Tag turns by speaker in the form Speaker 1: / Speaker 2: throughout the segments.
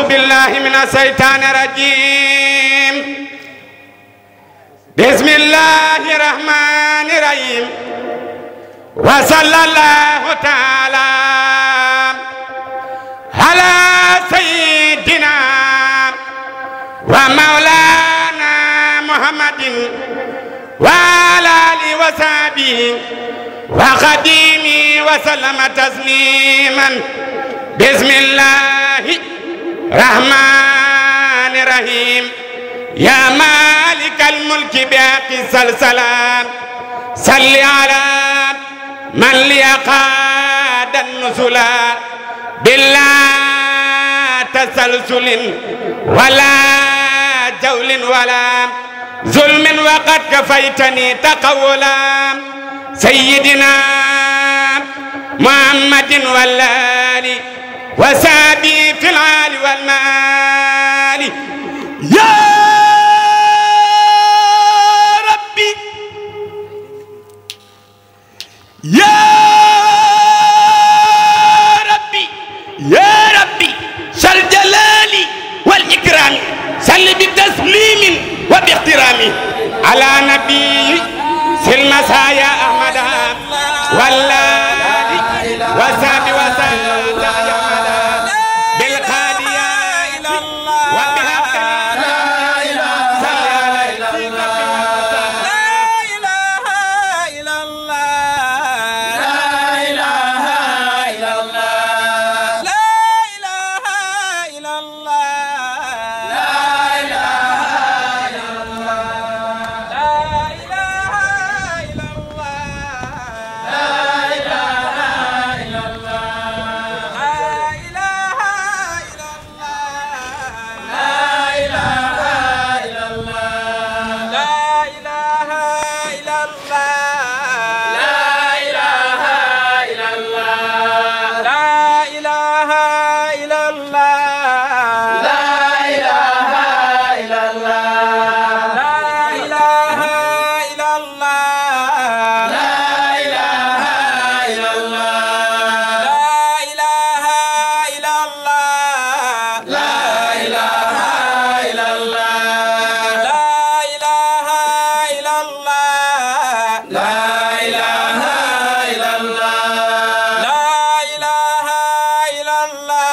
Speaker 1: أعوذ بالله من الشيطان الرجيم بسم الله الرحمن الرحيم وصلى الله تعالى على سيدنا ومولانا محمد وعلى آله وصحبه وخديمه وسلم تسليما بسم الله رحمن رحيم يا مالك الملك بحق السلسلة صل على من ليقاد النزل بلا تسلسل ولا جول ولا ظلم وقد كفيتني تقولا سيدنا محمد والآل وسابي في العال والمال يا ربي يا ربي يا ربي شر الجلال والإكرام سل بتسليم وباحترام على نبي Allah.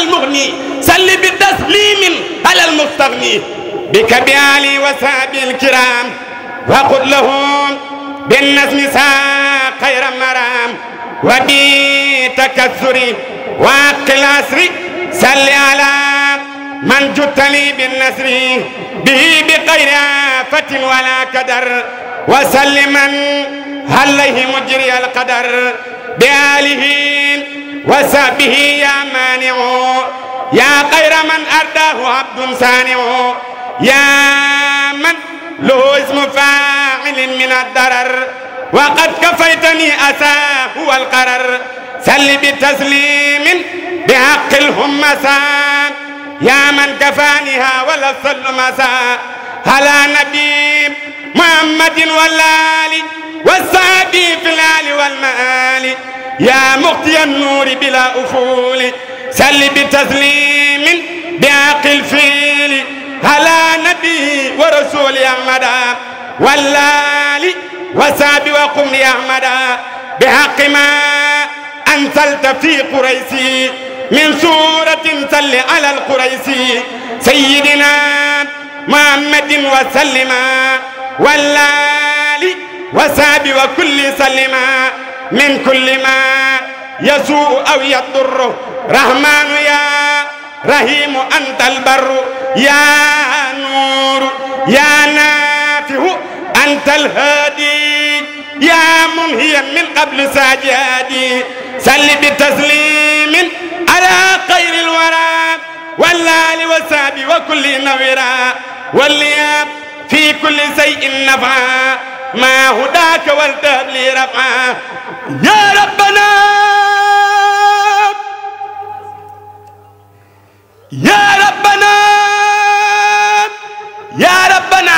Speaker 1: المغني سل بالتسليم على المستغني بك بعلي وسابي الكرام وقل لهم بالنزم ساق خير مرام تكسري وعق العصر سل على من جدت لي بالنسر به بغير آفة ولا كدر وسلما عليه مجري القدر بآله وسبه يا مانع يا خير من أرداه عبد صانع يا من له اسم فاعل من الضرر وقد كفيتني أساه والقرر سل بتسليم بحق الهمسا يا من كفانها ولا صل مساء على نبي محمد والآل والصحابي في الآل والمآل يا مقتي النور بلا أفول سل بتسليم بعقل فيل على نبي ورسول مدى واللالي وساب وقم يا مدى بحق ما أنزلت في قريسي من سورة سل على القريسي سيدنا محمد وسلم واللالي وساب وكل سلما من كل ما يسوء أو يضر رحمن يا رحيم أنت البر يا نور يا نافه أنت الهادي يا منهيا من قبل ساجادي سل بتسليم على خير الورى والآل وسابي وكل نورا واللياب في كل شيء نفعا ما هداك والتهب لي رفعا يا ربنا يا ربنا يا ربنا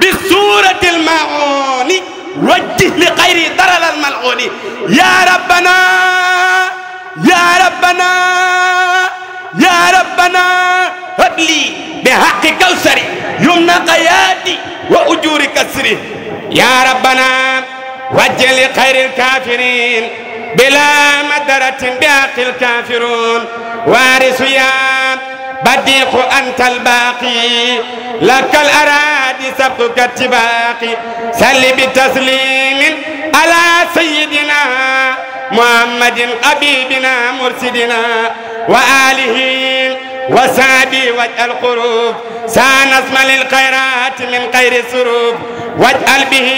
Speaker 1: بسورة المعون وجه لغير ضرر الملعون يا ربنا يا ربنا يا ربنا هب لي بحق كوثري يمنى قيادي وأجور كسري يا ربنا وجه لخير الكافرين بلا مدرة باقي الكافرون وارث يا بديق أنت الباقي لك الأراضي سبتك اتباقي سل بتسليم على سيدنا محمد حبيبنا مرسدنا وآله وسعدي واجعل القروب سانظم للخيرات من خير السروب واجعل به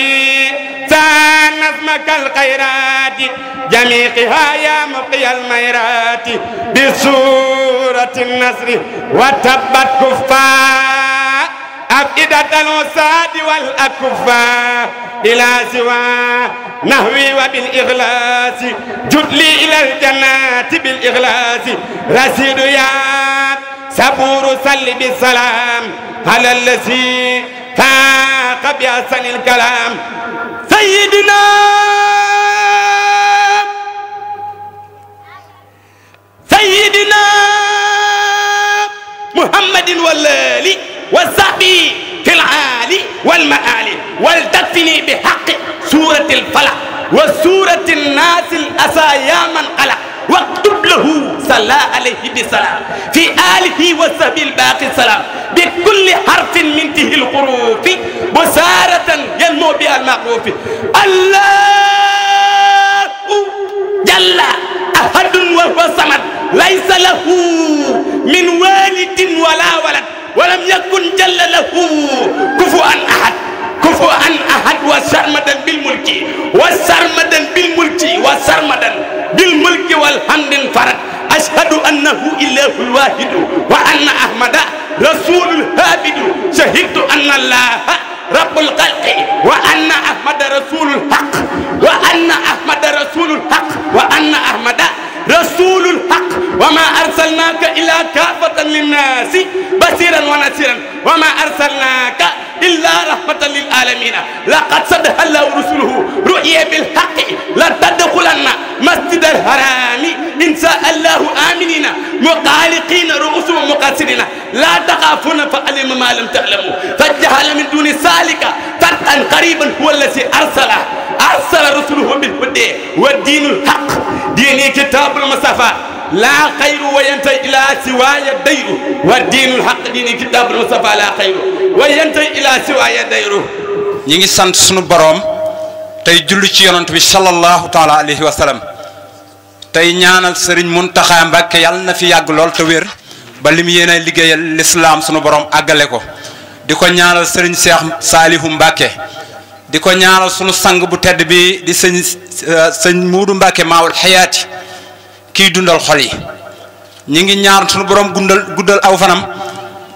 Speaker 1: سانسمك الخيرات جميقها يا مقي الميرات بسورة النصر وتبت كفار أبئدة الوساد والأكفاء إلى سوى نهوي وبالإغلاس جدلي إلى الجنة بالإغلاس رسيد يا سبور سل بالسلام على الذي فاق بأحسن الكلام سيدنا سيدنا محمد والآل والزهبي في العالي والمآلي ولتكفني بحق سورة الفلق وسورة الناس الأسى يا من قلق واكتب له صلى عليه بسلام في آله وصحبه الباقي السلام بكل حرف من ته الحروف بسارة ينمو بها المعروف الله جل أحد وهو صمد ليس له من والد ولا ولد walam yakun jalla lahu kufuwan ahad kufuwan ahad wa sarmadan bil mulki wa sarmadan bil mulki wa sarmadan bil mulki wal hamdin farad ashhadu annahu illahul wahidu wa anna ahmada rasulul habidu shahidtu anna allaha رب الخلق وأن أحمد رسول الحق وأن أحمد رسول الحق وأن أحمد رسول الحق وما أرسلناك إلا كافة للناس بصيرا ونذيرا وما أرسلناك إلا رحمة للعالمين لقد صدق الله رسله رؤيا بالحق لتدخلن مسجد الحرام إن شاء الله آمنين مقالقين رؤوسهم مقاصرين لا تخافون فعلم ما لم تعلموا فجعل من دون سالك فرقا قريبا هو الذي أرسله أرسل رسله بالهدى والدين الحق دين كتاب المصطفى لا خير وينتهي إلى سواي الدير والدين الحق دين كتاب المصطفى لا خير
Speaker 2: وينتهي إلى سواي الدير ñi سنت سنو بروم borom tay jullu ci yonent bi sallallahu taala alayhi tey ñaanal sëriñ Muntaxa Mbàkke yàlla na fi yàgg lool te wér ba li mu yéene liggéeyal lislaam sunu borom àggale ko di ko ñaanal sëriñ Seex Saalihu Mbàkke di ko ñaanal sunu sang bu tedd bi di sëñ euh, sëñ Muudu Mbàkke maawul xayaati kiy dundal xol yi ñu ngi ñaan sunu borom gundal guddal aw fanam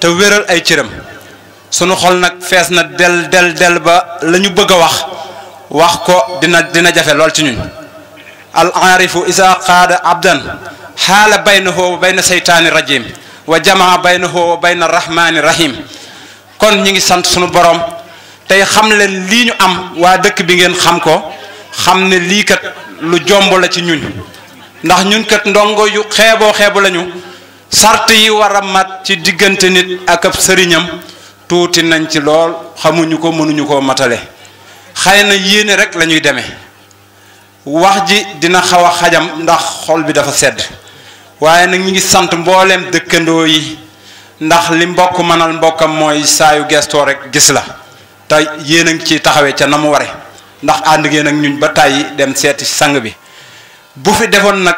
Speaker 2: te wéral ay cëram sunu xol nag fees na del del del ba lañu ñu bëgg a wax wax ko dina dina jafe lool ci ñun العارف إذا قاد عبدا حال بينه وبين الشيطان الرجيم وجمع بينه وبين الرحمن الرحيم kon ñi ngi sant sunu borom tey xam leen lii ñu am waa dëkk bi ngeen xam ko xam ne lii kat lu jomb la ci ñun ndax ñun kat ndongo yu xeeboo xeebu lañu sart yi war a mat ci diggante nit ak ab sëriñam tuuti nañ ci lool xamuñu ko mënuñu koo matale xëy na yéene rek la ñuy demee wax ji dina xaw a xajam ndax xol bi dafa sedd waaye nag ñu ngi sant mbooleem dëkkandoo yi ndax li mbokk mënal mbokkam mooy saayu gestoo rek gis la te yéen a ngi ci taxawee ca na mu ware ndax ànd ngeen ak ñun ba tàyyi dem seeti sang bi bu fi defoon nag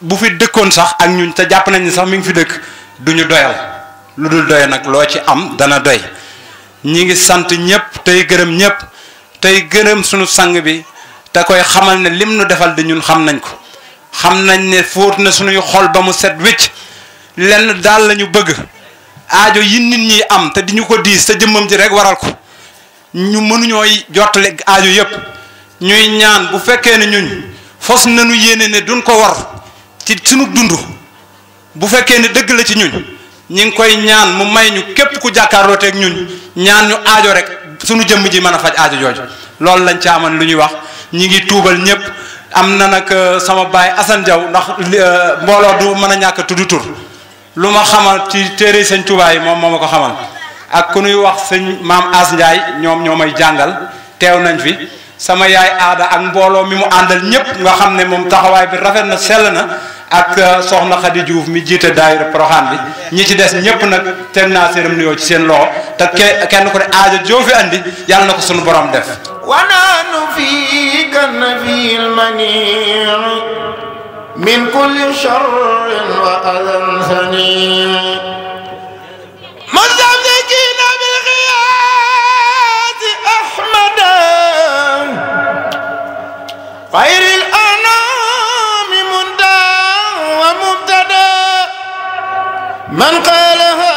Speaker 2: bu fi dëkkoon sax ak ñun te jàpp nañ ni sax mi ngi fi dëkk duñu ñu doyal lu dul doy nag loo ci am dana doy ñi ngi sant ñëpp tey gërëm ñëpp tey gërëm sunu sang bi te koy xamal ne lim nu defal di ñun xam nañ ko xam nañ ne fóot na suñuy xol ba mu set wécc lenn daal lañu bëgg aajo yi nit ñi am te di ñu ko diis sa jëmmam ji rekk waral ko ñu mënuñooy jot jottale aajo yëpp ñuy ñaan bu fekkee ne ñun fos nañu yéene ne duñ ko war ci sunu dund bu fekkee ne dëgg la ci ñun ñu ngi koy ñaan mu may ñu képp ku jàkkaarlooteek teeg ñun ñaan ñu aajo rek sunu jëmm ji mën a faj aajo jooju loolu lañ ci amoon lu ñuy wax ñi ngi tuubal ñëpp am na nag euh, sama baay Assane Diaw ndax euh, mbooloo du mën a ñàkk tudd tur lu ma xamal ci téere sëñ Tuubaa yi moom moo ma ko xamal ak ku nuy wax sëñ maam As Ndiaye ñoom ñoo may jàngal teew nañ fi sama yaay aada ak mbooloo mi mu àndal ñëpp nga xam ne moom taxawaay bi rafet na sell na ak euh, soxna Khady Diouf mi jiite daayira Porokhane bi ñi ci des ñëpp nag teg naa seenam nuyoo ci seen loxo te kenn ku ne aajo joo fi andi yàlla na ko sunu borom def.
Speaker 3: ونحن فيك النبي المنيع من كل شر وأذى ثنيع مستمسكين بالغياث أحمدا خير الأنام مندا ومبتدا من قالها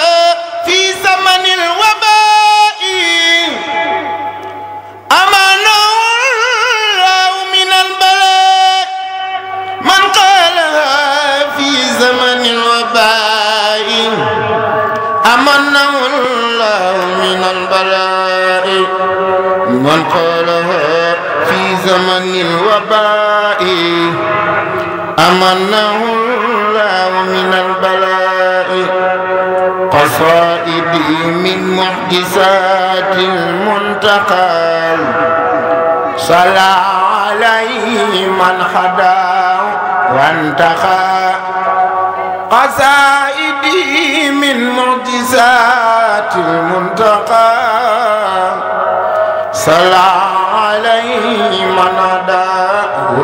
Speaker 3: امنه الله من البلاء من قالها في زمن الوباء أمنه الله من البلاء قصائدي من محدثات المنتقال صلى عليه من خدا وانتقى قصائدي من معجزات ذات المنتقى صلى عليه من ادى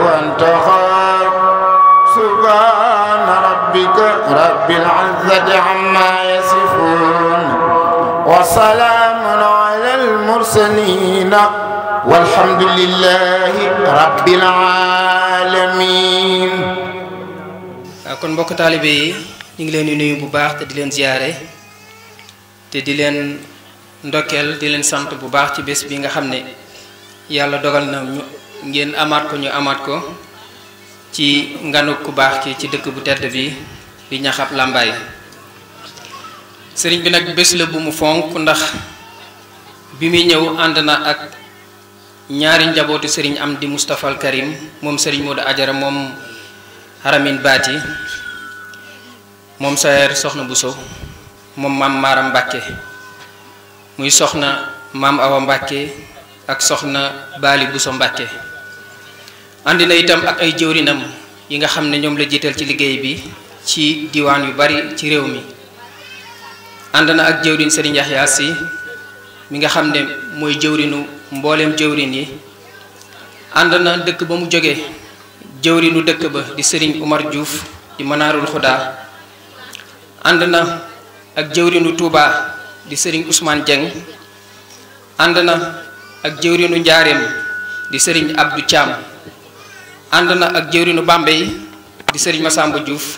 Speaker 3: وانتقى سبحان ربك رب العزة عما يصفون وسلام على المرسلين والحمد لله
Speaker 4: رب العالمين kon mbokk taalibe yi ñu ngi leen di nuyu bu baax te di leen ziyaare te di leen ndokkeel di leen sant bu baax ci bés bi nga xam ne yàlla dogal na ñu ngeen amaat ko ñu amaat ko ci nganuk ku baax ki ci dëkk bu tedd bi di ñaxab làmbaay sëriñ bi nag bés la bu mu fonk ndax bi muy ñëw ànd na ak ñaari njabootu sëriñ am di mustafal karim moom sëriñ da ajara mom haramin baati mom saher soxna bu sow mom mam maram mbacke muy soxna mam Awa mbacke ak soxna Baali Buso Mbàkke andi na itam ak ay jëwrinam yi nga xamne ñom la jiital ci liggey bi ci diwan yu bari ci rew mi andana ak jëwrin serigne yahya Si mi nga xamne moy mooy mbollem mbooleem yi andana dekk ba mu joge jëwrinu dekk ba di serigne Umar diouf di manarul khuda andana ak jëwrinu Touba di Serigne Ousmane Dieng andana na ak jëwrinu Njaareem di Serigne Abdou Thiam andana na ak jëwrinu Bambey di Serigne Massamba Diouf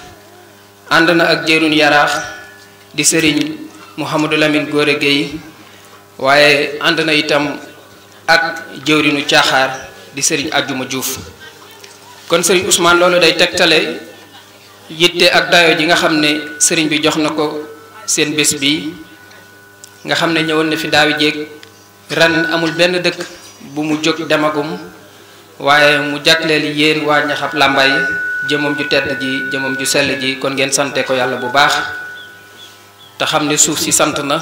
Speaker 4: andana na ak jëwrinu Yarax di Serigne Mouhamadou Lamine Gore waaye andana itam ak jëwrinu Tiaxar di Serigne Adjuma Diouf kon Serigne Ousmane loolu day tektale yitte ak dayo ji nga xamne serigne bi jox seen bés bi nga xam ne ñëwoon na fi daawi jéeg ren amul benn dëkk bu mu jóg demagum waaye mu jagleel yéen waa ñaxab làmbaay jëmam ju tedd ji jëmam ju sell ji kon ngeen sante ko yàlla bu baax te xam ne suuf si sant na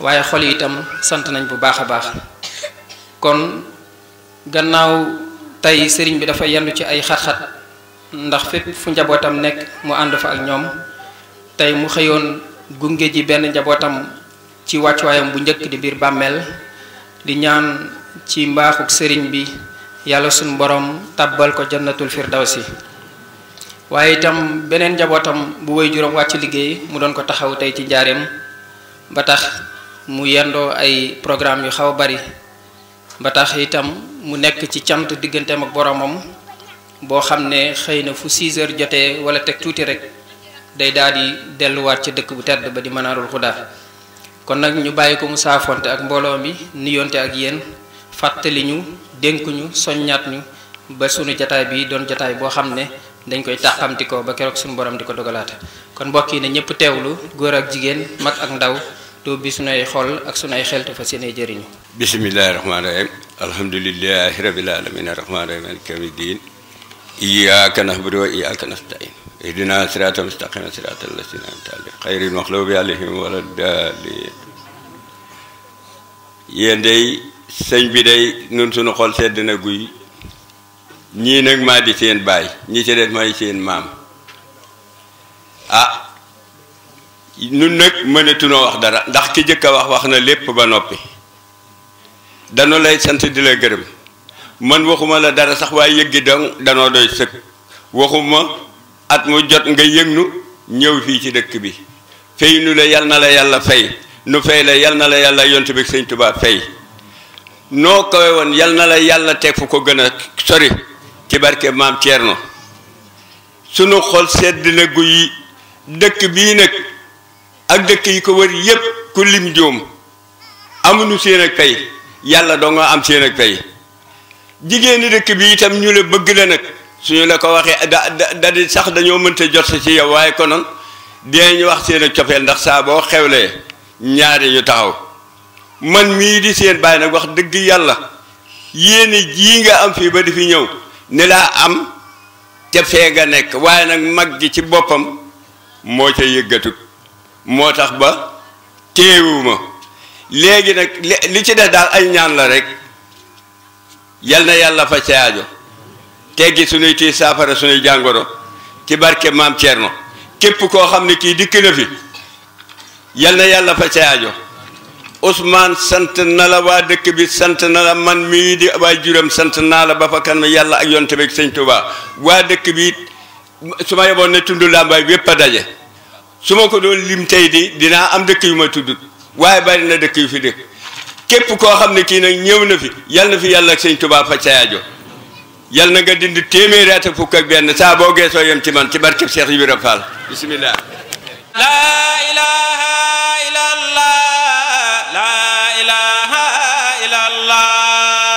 Speaker 4: waaye xol itam sant nañ bu baax a baax kon gannaaw tey sëriñ bi dafa yendu ci ay xat-xat ndax fépp fu njabootam nekk mu ànd fa ak ñoom tay mu xëyoon gunge ji benn njabootam ci wàccuwaayam bu njëkk di biir bàmmeel di ñaan ci mbaaxuk sëriñ bi yàlla sun borom tàbbal ko jannatul firdawsi waaye itam beneen njabootam bu way juróom wàcc liggéey mu doon ko taxaw tey ci njaareem ba tax mu yendoo ay programme yu xaw bari ba tax itam mu nekk ci cant digganteem ak boromam boo xam ne xëy na fu 6 heures jotee wala teg tuuti rek day daal di wat ci dekk bu tedd ba di manarul khuda kon nak ñu bayiko ko mu saafonte ak mbolo mi niyonte ak yeen fatali ñu ñu soñnat ñu ba suñu jotaay bi doon jotaay bo xamne dañ koy tàqamtikoo ba kérok suñu borom diko dogalata kon mbokk yi ne ñepp tewlu goor ak jigen mak ak ndaw bi ay xol ak ay xel te seen ay jëriñu
Speaker 5: bismillahir rahmanir rahim alhamdulillahi rabbil alamin arrahmanir rahim iyyaka na'budu wa iyyaka nasta'in اهدنا صراط المستقيم صراط الذين أنعمت عليهم غير المغضوب عليهم ولا الضالين yéen day sëñ bi day nun suñu xol sedd na guy ñii nag maa di seen baay ñii ci des may seen maam ah nun nag mënatunoo wax dara ndax ki jëkk a wax wax na lépp ba noppi danu lay sant di la gërëm man waxuma la dara sax waaye yëggi dong danoo doy sëkk waxuma at mu jot nga yëgnu ñëw fii ci dëkk bi fay nu la yal na la yàlla fay nu fay la yal na la yàlla yontu bi sëñ Tuubaa fay noo kawe woon yal na la yàlla teg fu ko gën a sori ci barke maam Thierno sunu xol sedd na guy dëkk bii nag ak dëkk yi ko wër yépp ku lim joom amuñu seen ak fay yàlla doo nga am seen ak fay jigéeni dëkk bi itam ñu la bëgg la nag suñu la ko waxee da da di sax dañoo mënta jot sa ci yow waaye konoon ñu wax seen ak cofeel ndax saa boo xewlee ñaari ñu taxaw man mii di seen bàyyi nag wax dëgg yàlla yéene jii nga am fii ba di fi ñëw ni laa am te fee nga nekk waaye nag mag gi ci boppam moo ca yëggatut moo tax ba téewuma léegi nag li ci def daal ay ñaan la rek yal na yàlla fa caajo teggi suñuy tii saafara suñuy jàngoro ci barke maam Thierno képp koo xam ne kii dikk na fi yal na yàlla fa sa aajo Ousmane sant na waa dëkk bi sant na man mii di waay juram sant naa la ba fa kan yàlla ak yonte bi sëñ Touba waa dëkk bi su ma yeboon ne tund làmbaay yépp a daje su ma ko doon lim tey di dinaa am dëkk yu ma tudd waaye bari na dëkk yu fi dëkk képp koo xam ne kii nag ñëw na fi yal na fi yàlla ak sëñ Touba fa sa yal na nga dindi téeméeri at ak fukk ak benn saa boo geesoo yem ci man ci barkeb Cheikh Ibra Fall bismillah la ilaha
Speaker 6: illallah la ilaha illallah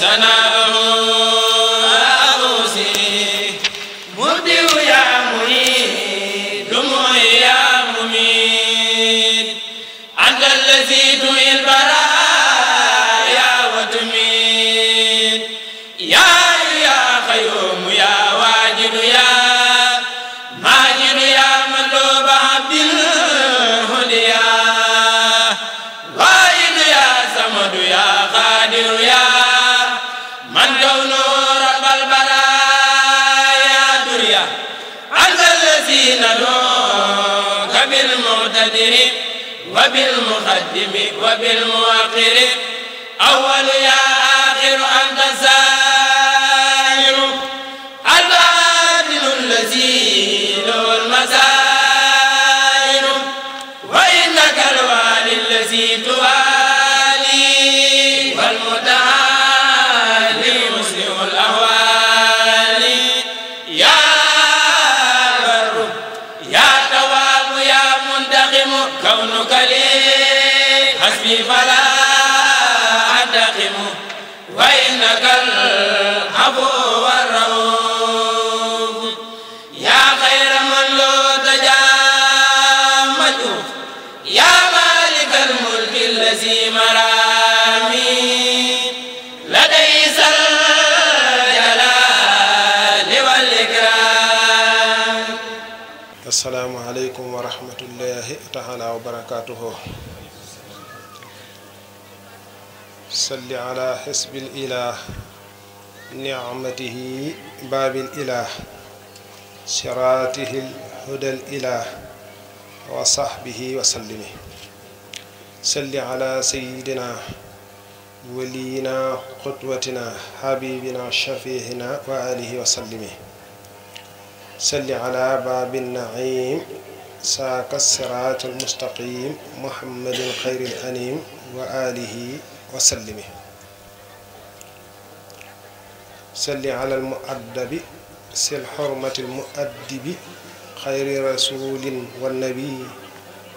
Speaker 6: sana بالمقدر وبالمقدم وبالمؤخر أول يا فلا أنتقم وإنك العفو الرؤوف يا خير من لو تجامد يا مالك الملك الذي مرامي لدي الجلال والإكرام
Speaker 7: السلام عليكم ورحمة الله تعالى وبركاته صل على حسب الإله نعمته باب الإله شراته الهدى الإله وصحبه وسلمه صل على سيدنا ولينا قدوتنا حبيبنا شفيعنا وآله وسلمه صل على باب النعيم ساق الصراط المستقيم محمد خير الأنيم وآله وسلم صل على المؤدب سل حرمة المؤدب خير رسول والنبي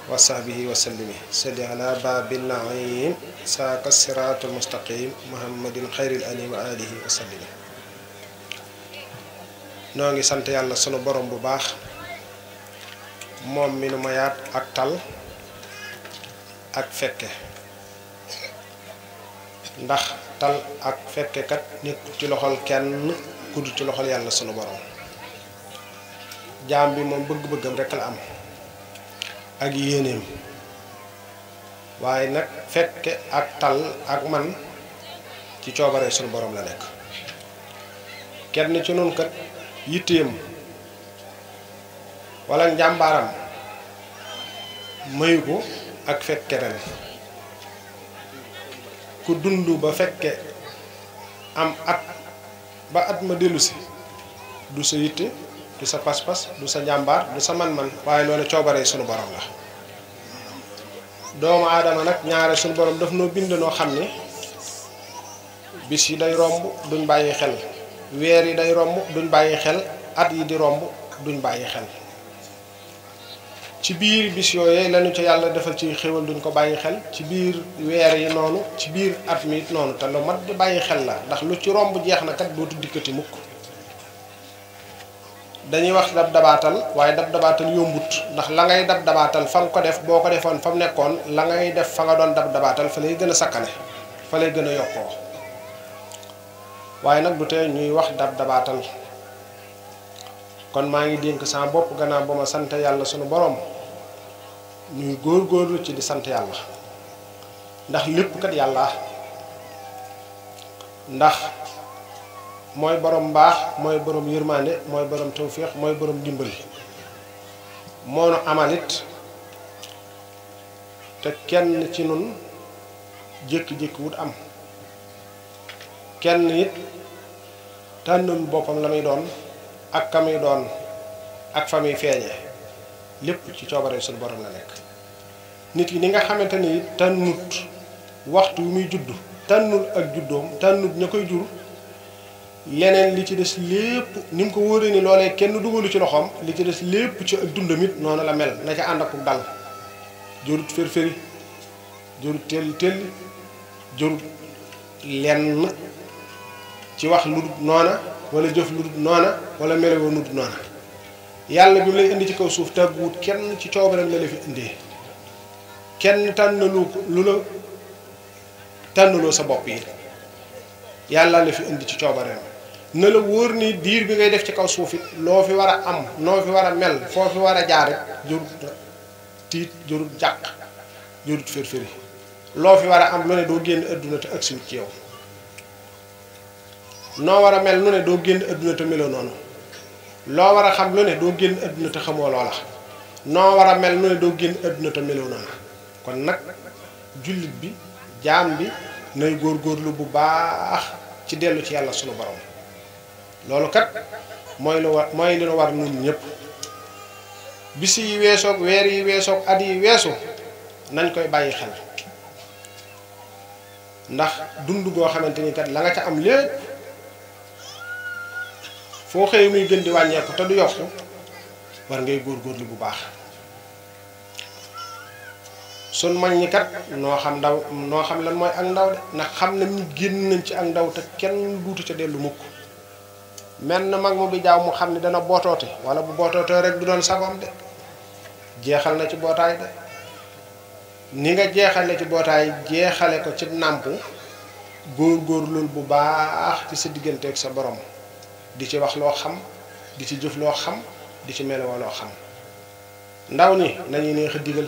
Speaker 7: وصحبه وسلم صل على باب النعيم ساق الصراط المستقيم محمد خير الأنام وآله وسلم noo ngi sant yàlla sunu borom bu baax moom mi nu mayaat ak tal ak fekke ndax tal ak fekke kat nekkul ci loxol kenn kudd ci loxol yalla sunu borom jambi mom bëgg-bëggam rek la am ak yeneem waye nak fekke ak tal ak man ci coobare sunu borom la nek kenn ci nun kat yittem wala jambaram mayu ak fekke ren ku dund ba fekke am at ba at ma delusi du sa yitte du sa pas-pas du sa jambar du sa man-man waaye loolu coobaree sunu borom la doomu adama nak ñaara sunu borom daf no bind no xam bis yi day romb duñ bayyi xel weer yi day romb duñ bayyi xel at yi di romb duñ bayyi xel ci biir bis yooyee lañu ca yàlla defal ci xéwal duñ ko bàyyi xel ci biir weer yi noonu ci biir at mi it noonu te lu mat di bàyyi xel la ndax lu ci romb jeex na kat dootu dikkati mukk dañuy wax dab dabaatal waaye dab dabaatal yombut ndax la ngay dab dabaatal fa nga ko def boo ko defoon fa mu nekkoon la ngay def fa nga doon dab dabaatal fa lay gën a sakkane fa lay gën a yokkoo waaye nag du tee ñuy wax dab dabaatal kon maa ngi dénk sama bopp gannaaw ba ma yàlla sunu borom ñuy góorgóorlu ci di sant yàlla ndax lépp kat yàlla ndax mooy borom baax mooy borom yërmande mooy borom tawféex mooy borom dimbal moo nu amalit te kenn ci nun jékki-jékki wut am kenn it tànnum boppam la muy doon ak ka muy doon ak fa muy ci coobare sun borom la nekk nit ki ni nga xamante ni tànnut waxtu muy judd tànnul ak juddoom tànnut ña koy jur leneen li ci des lépp ni mu ko wóoree ni loole kenn dugalu ci loxoom li ci des lépp ci ak dundam it la mel na ca ànd ak dal jorut fër-fëri jorut tell tell jorut lenn ci wax lu dul noona wala jëf lu dul noona wala melewoo lu dul noona yàlla bi mu lay indi ci kaw suuf tàgguwut kenn ci coobareem la fi indee kenn tànnalu lu la tànnaloo sa bopp yi yàlla la fi indi ci coobareem na la wóor ni diir bi ngay def ci kaw suuf it loo fi war a am noo war a mel foo fi war a jaare jurut tiit jurut jàq loo fi war a am lu ne doo génn adduna te agsiwut ci yow noo war a mel lu ne doo génn adduna te meloo noonu loo war a xam lu ne doo génn adduna te xamoo loola noo war a mel lu ne doo génn adduna te meloo noonu kon nak julit bi jam bi nay lu bu baax ci delu ci yalla sunu borom lolu kat moy lo war moy lu war nun ñep bisi yi weesoog wer yi weesoog at yi weesu nañ koy bayyi xel ndax dundu go xamanteni kat la nga ca am lepp fo xey muy gën di wàññeeku ta du yokku war ngay lu bu baax sun mag ñi kat noo xam ndaw noo xam lan mooy ak ndaw de ndax xam na ñu génn nañ ci ak ndaw te kenn duutu ca dellu mukk mel na mag mu bi jaaw mu xam ne dana bootoote wala bu bootootee rek du doon sagoom de jeexal na ci bootaay de ni nga jeexale ci bootaay jeexale ko ci nàmp góor góor loolu bu baax ci sa diggante ak sa borom di ci wax loo xam di ci jëf loo xam di ci meloo loo xam ndaw ni nañuy neex a digal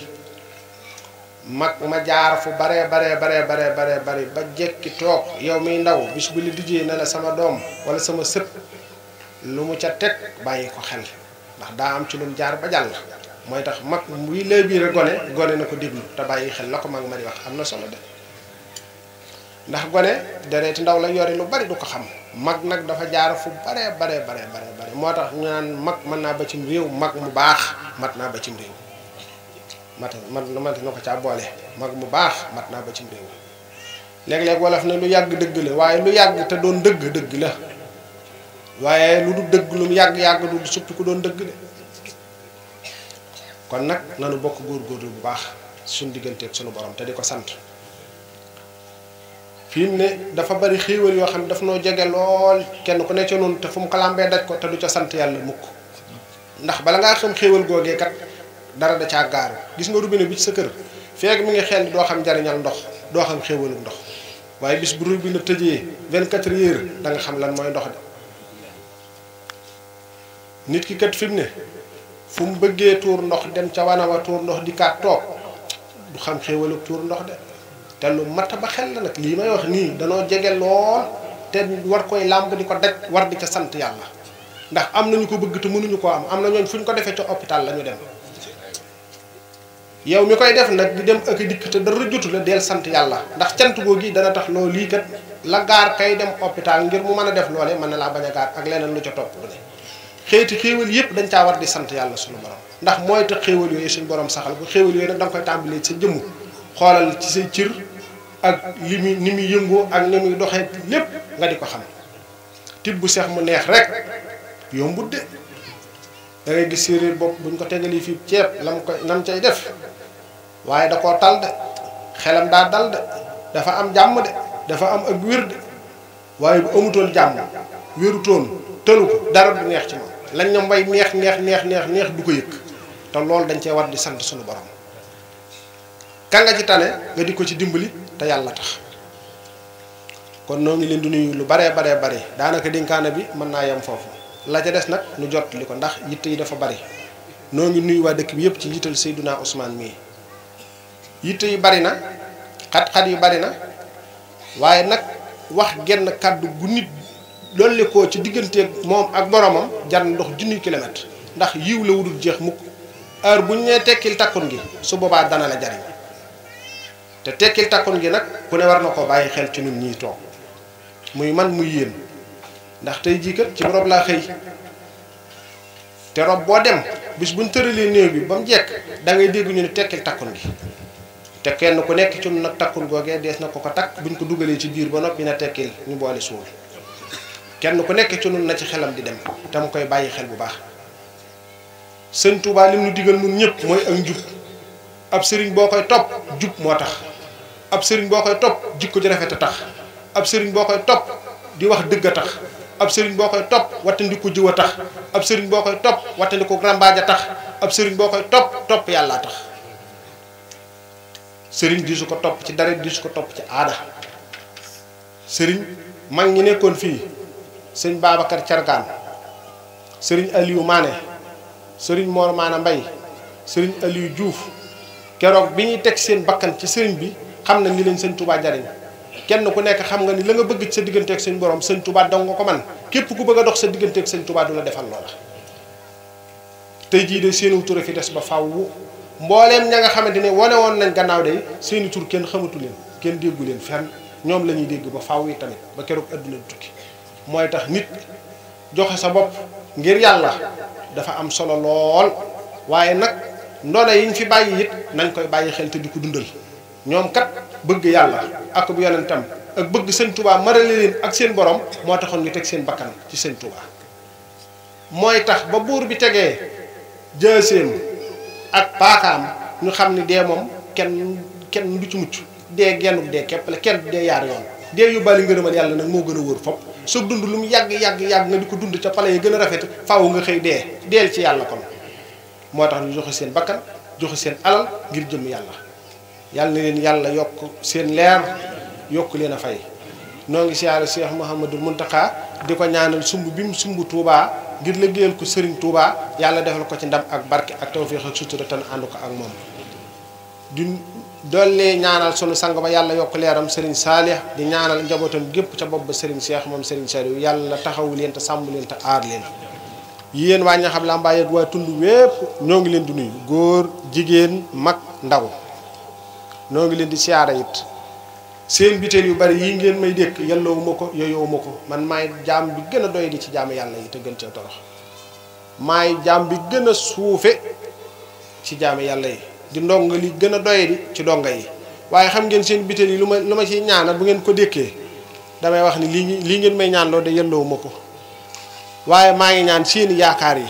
Speaker 7: mag ma jaar fu baree baree baree baree baree bari ba jekki toog yow mi ndaw bis bu li dijee na la sama doom wala sama sët lu mu ca teg bàyyi ko xel ndax daa am ci lu jaar ba jàll mooy tax mag muy lay biir gone gone na ko déglu te bàyyi xel la ko mag ma wax am na solo de ndax gone dereeti ndaw la yore lu bari du ko xam mag nag dafa jaar fu baree baree baree baree bari moo tax ñu mag mën naa ba cim réew mag mu baax mat naa ba cim réew mat man mante na ko caa boole mag bu baax mat naa ba cim réew léeg-léeg wolof na lu yàgg dëgg la waaye lu yàgg te doon dëgg dëgg la waaye lu du dëgg lu mu yàgg-yàgg du suppi ku doon dëgg de kon nag nanu bokk góor góorgóorlu bu baax suñ digganteeg sunu borom te di ko sant fii ne dafa bari xéewal yoo xam ne daf noo jege lool kenn ku ne ca noonu te fu mu kalambee làmbee daj ko te du ca sant yàlla mukk ndax bala ngaa xam xéewal googee dara da ca gar gis nga rubine bi ci sa kër fek mi nga xel do xam njariñal ndox do xam xewul ndox waye bis bu rubine teje 24 heures da nga xam lan moy ndox nit ki kat fi ne fu mu bëggee tour ndox dem ca wa tour ndox di ka tok du xam xewul tour ndox de te lu mata ba xel la nag lii may wax da no jege lool te war koy lamb di ko daj war di ca sante yalla ndax am nañu ko bëgg te mënuñu ko am am na ñooñ ko defee ci hôpital lañu dem yow mi koy def nag di dem ak dikk te dara jotu la del sant yàlla ndax cant googu dana tax loo lii kat la gaar kay dem hôpital ngir mu mën a def loole mën na laa bañ a gaar ak leneen lu ca topp lu ne xeeti xéewal yëpp dañ caa war di sant yàlla suñu borom ndax mooy tax xéewal yooyu suñu borom saxal bu xéewal yooyu nag da nga koy tàmbalee ci sa jëmm xoolal ci say cir ak li muy ni muy yëngoo ak ni muy doxee lépp nga di ko xam tibb seex mu neex rek yombut de da ngay gis séeréer bopp buñ ko tegalee fii ceeb lam koy nam cay def waaye da koo tal de xelam daa dal de dafa am jàmm de dafa am ak wér de waaye bu amutoon jàmm wérutoon tëlu ko dara du neex ci moom lañ ñoom bay neex neex neex neex neex du ko yëg te loolu dañ cee war di sant suñu borom ka nga ci tane nga di ko ci dimbali te yàlla tax kon noo ngi leen di nuyu lu bare bare bari daanaka dénkaane bi mën naa yam foofu la ca des nag nu jot li ko ndax yitte yi dafa bari noo ngi nuyu waa dëkk bi yëpp ci njiital Seydunaa Ousmane mii yitte yu bari na xat-xat yu bari na waaye nag wax genn kàddu gu nit dolli ko ci diggante moom ak boroomam jar ndox junni kilomètre ndax yiw la wudul jeex mukk heure bu ñu nee tekkil takkun gi su boobaa dana la jariñ te tekkil takkun gi nag ku ne war na ko bàyyi xel ci ñun ñiy toog muy man muy yéen ndax tey jii kat ci rob laa xëy te rob boo dem bis buñ tëralee néew bi ba mu jekk da ngay dégg ñu ne tekkil takkun gi te kenn ku nekk ci nag takkun googee dees na ko ko takk buñ ko dugalee ci biir ba noppi na tekkil ñu boole suul kenn ku nekk ci nun na ci xelam di dem te mu koy bàyyi xel bu baax sëñ Touba lim nu digal mun ñëpp mooy ak njub ab sëriñ boo koy topp jub moo tax ab sëriñ boo koy topp jikko ji rafet a tax ab sëriñ boo koy topp di wax dëgg tax ab sëriñ boo koy topp wattandiku jiw a tax ab sëriñ boo koy topp wattandiku rambaaj a tax ab sëriñ boo koy topp topp yàlla a tax sering diisu ko top ci dara diisu ko top ci aada sëriñ mag ñi nekkoon fii sëriñ Babacar Cargaan sëriñ Aliou Mané sëriñ Mor Maana Mbay sëriñ Aliou Diouf keroog bi ñuy teg seen bakkan ci sëriñ bi xam nañ li leen sëñ Touba jariñ kenn ku nekk xam nga ni la nga bëgg ci sa digganteeg sëñ borom sëñ Touba dong nga ko man képp ku bëgg a dox sa digganteeg sëñ Touba du la defal loola tey jii de fi des ba mbooleem ña nga xamante ne wane nañ gannaaw day seeni tur kenn xamatu leen kenn déggu leen fenn ñom lañuy dégg ba faaw yi tamit ba keroog aduna tukki moy tax nit joxe sa bop ngir yalla dafa am solo lool waye nak ndona yiñ fi bayyi it nañ koy bayyi xel te diko dundal ñom kat bëgg yalla ak bu yonentam ak bëgg sëñ tubaa marale leen ak seen borom mo taxon ñu tek seen bakkan ci sëñ tubaa moy tax ba bur bi tege jeuseen ak paakaam ñu xam ni dee moom kenn kenn du ci mucc dee genn dee képp la kenn dee yaar yoon dee yu bari ngërëmal yàlla nag moo gën a wóor fop su dund lu mu yàgg yàgg yàgg nga di ko dund ca pale yi gën a rafet faaw nga xëy dee deel ci yàlla kon moo tax ñu joxe seen bakkan joxe seen alal ngir jëm yàlla yàlla na leen yàlla yokk seen leer yokk leen a fay noo ngi siyaare Cheikh Mouhamadou Mountakha di ko ñaanal sumb bi mu sumb tuubaa ngir la liggéeyal ko Serigne Touba yàlla defal ko ci ndam ak barke ak tawféex ak sutura tan ànd ko ak moom di dollee ñaanal sunu sang ba yàlla yokk leeram Serigne Saalih di ñaanal njabootam gépp ca bopp ba Serigne Cheikh moom Serigne Saliou yàlla taxawu leen te sàmm leen te aar leen yéen waa Ñaxam Lambaye ak waa tund wépp ñoo ngi leen di nuyu góor jigéen mag ndaw noo ngi leen di siyaara it seen biteel yu bari yi ngeen may dékk yelloowu ma ko yooyowu ma ko man maay jaam bi gën a doy di ci jaam yàlla yi te gën cee torox maay jaam bi gën a suufe ci jaam yàlla yi di ndong li gën a doy di ci donga yi waaye xam ngeen seen biteel yi lu ma lu ma ci ñaanal bu ngeen ko dékkee damay wax ni lii lii ngeen may ñaan loo de yelloowu ma ko waaye maa ngi ñaan seeni yaakaar yi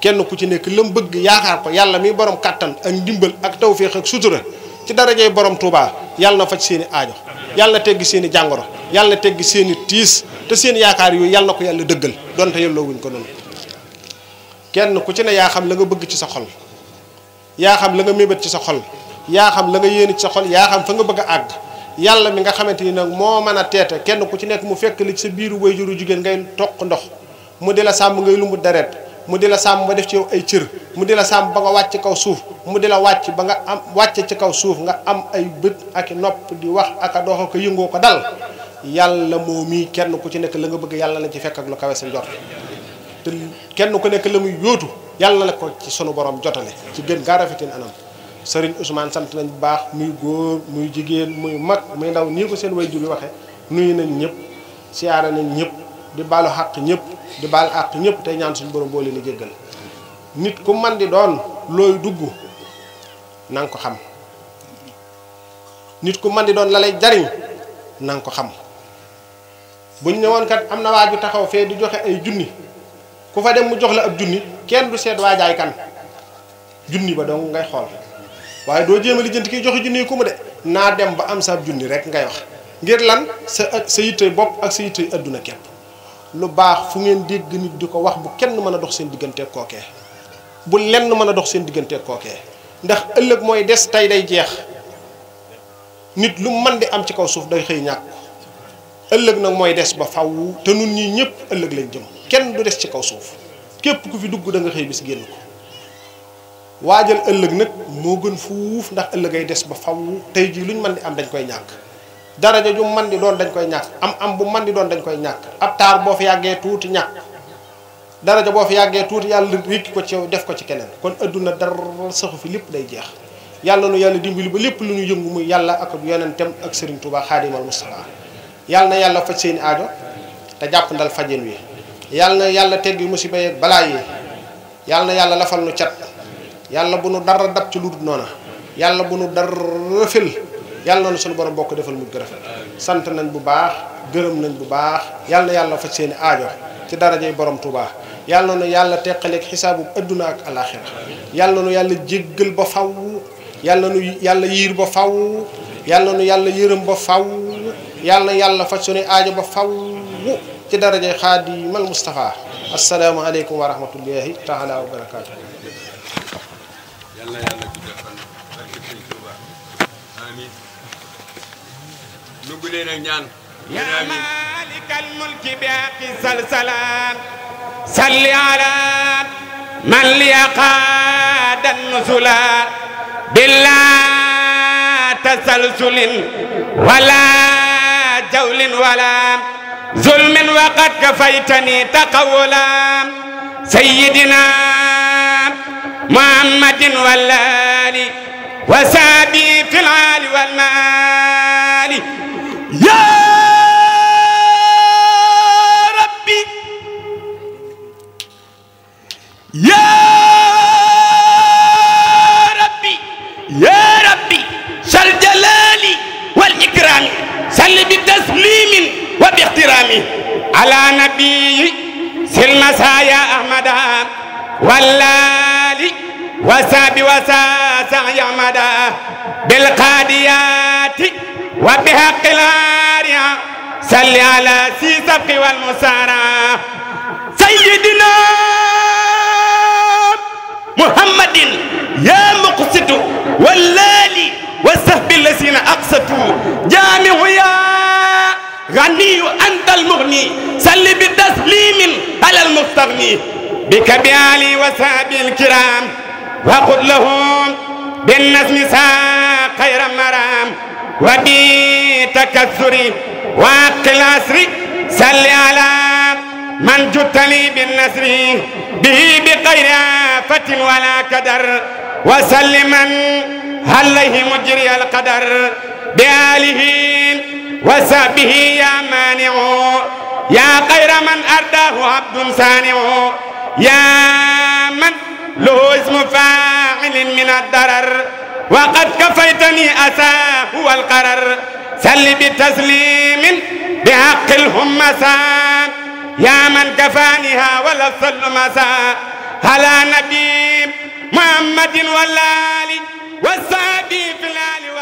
Speaker 7: kenn ku ci nekk lam bëgg yaakaar ko yàlla mi borom kàttan ak ndimbal ak tawféex ak sutura ci darajey borom Tuubaa yàlla na faj seeni aajo yàlla na tegg seeni jàngoro yàlla na tegg seen i tiis te seen yaakaar yooyu yàlla ko yàlla dëggal donte yelloo wuñ ko noonu kenn ku ci ne yaa xam la nga bëgg ci sa xol yaa xam la nga mébét ci sa xol yaa xam la nga yéene ci sa yaa xam fa nga bëgg a àgg yàlla mi nga xamante ni nag moo mën a teete kenn ku ci nekk mu fekk li ci sa biiru juru jigéen ngay toq ndox mu di la sàmm ngay lumbu deret mu di la sàmm ba def ci ay cër mu di la sàmm ba nga wàcc kaw suuf mu di la wàcc ba nga am wàcc ci kaw suuf nga am ay bët ak nopp di wax ak a dox ko yëngoo ko dal yàlla moo mii kenn ku ci nekk la nga bëgg yàlla la ci fekk ak lu kawe sa njort te kenn ku nekk la muy yóotu yàlla la ko ci sunu borom jotale ci gën gaa rafetin anam Serigne Ousmane sant nañ bu baax muy góor muy jigéen muy mag muy ndaw nii ko seen way nuyu nañ ñëpp siyaara nañ ñëpp di balu hak ñëpp di bal ak ñëpp tay ñaan suñu borom bo leen jéggal nit ku man di doon loy dugg nang ko xam nit ku man di doon la lay jariñ nang ko xam buñ ne kat amna waju taxaw fe di joxe ay junni ku fa dem mu jox la ab junni kenn du sét wajay kan junni ba dong ngay xol waye do jema li jënt ki joxe junni de na dem ba am sa junni rek ngay wax ngir lan sa sa yitte bop ak sa yitte aduna lu baax fu ngeen dégg nit di ko wax bu kenn mën a dox seen digganteeg kookee bu lenn mën a dox seen digganteeg kooke ndax ëllëg mooy des tey day jeex nit lu man di am ci kaw suuf day xëy ñàkk ëllëg nag mooy des ba faw te nun ñi ñëpp ëllëg lañ jëm kenn du des ci kaw suuf képp ku fi dugg da nga xëy bis génn ko waajal ëllëg nag moo gën fuuf ndax ëllëg ay des ba faw tey jii luñ mën di am dañ koy ñàkk daraja ju man di don dañ koy ñak am am bu man di doon dañ koy ñak ab tar bo fi yàggee ñak dara daraja bo fi yagge tuuti yalla ko ci def ko ci kenen kon aduna dar sax fi lepp day jeex yalla nu yalla dimbali ba lepp lu ñu yëngu muy Yalla ak yonentam ak Serigne Touba xaadimal mustafa Yalla na yalla faj seen aajo ta japp ndal fajeen wi yalla na yalla teggi musibe ak bala yi yalla na yalla lafal nu chat. Yalla bu nu dar dab ci lu Yalla yalla bu nu dar fil yàlla na suñu borom bokk defal mu rafet sant nañ bu baax gërëm nañ bu baax yàlla yàlla fa seeni aajo ci darajay borom Tuubaa yàlla na yàlla tekkale hisabu aduna ak alakhirah yàlla na yàlla jéggel ba faw yàlla nu yàlla yir ba faw yàlla nu yàlla yërëm ba faw yàlla yàlla fa suñu aajo ba faw ci al mustafa assalamu alaykum wa rahmatullahi taala wa barakatuh
Speaker 5: nu ngi leen a ñaan yaa maalikal
Speaker 1: mulki bi aqi salsalaan salli ala man li aqaada nusula bila tasalsulin wala jawlin wala zulmin waqad kafaytani taqawula sayyidina muhammadin walaali wasaabi fil aali wal maal يا ربي يا ربي يا ربي شر جلالي والإكرام سل بتسليم وباحترام على نبي سلمسا يا أحمد واللالي وسابي وساسا يا مدى بالقاديات وبحق العارية صل على سيسق سبق سيدنا محمد يا مقصد واللالي والسهب الذين اقصدوا جامع يا غني أنت المغني صل بتسليم على المستغني بك بعلي وصحبه الكرام وقل لهم بالنسم ساق خير مرام وبتكثر وقت العصر سل على من جتلي لي بالنسر به بغير آفة ولا كدر وسلما عليه مجري القدر بآله وسبه يا مانع يا خير من أرداه عبد صانع يا من له اسم فاعل من الضرر وقد كفيتني أساه والقرر سل بتسليم بحق الهمسا يا من كفانها ولا صل مساء على نبي محمد والآل والسادي في الآل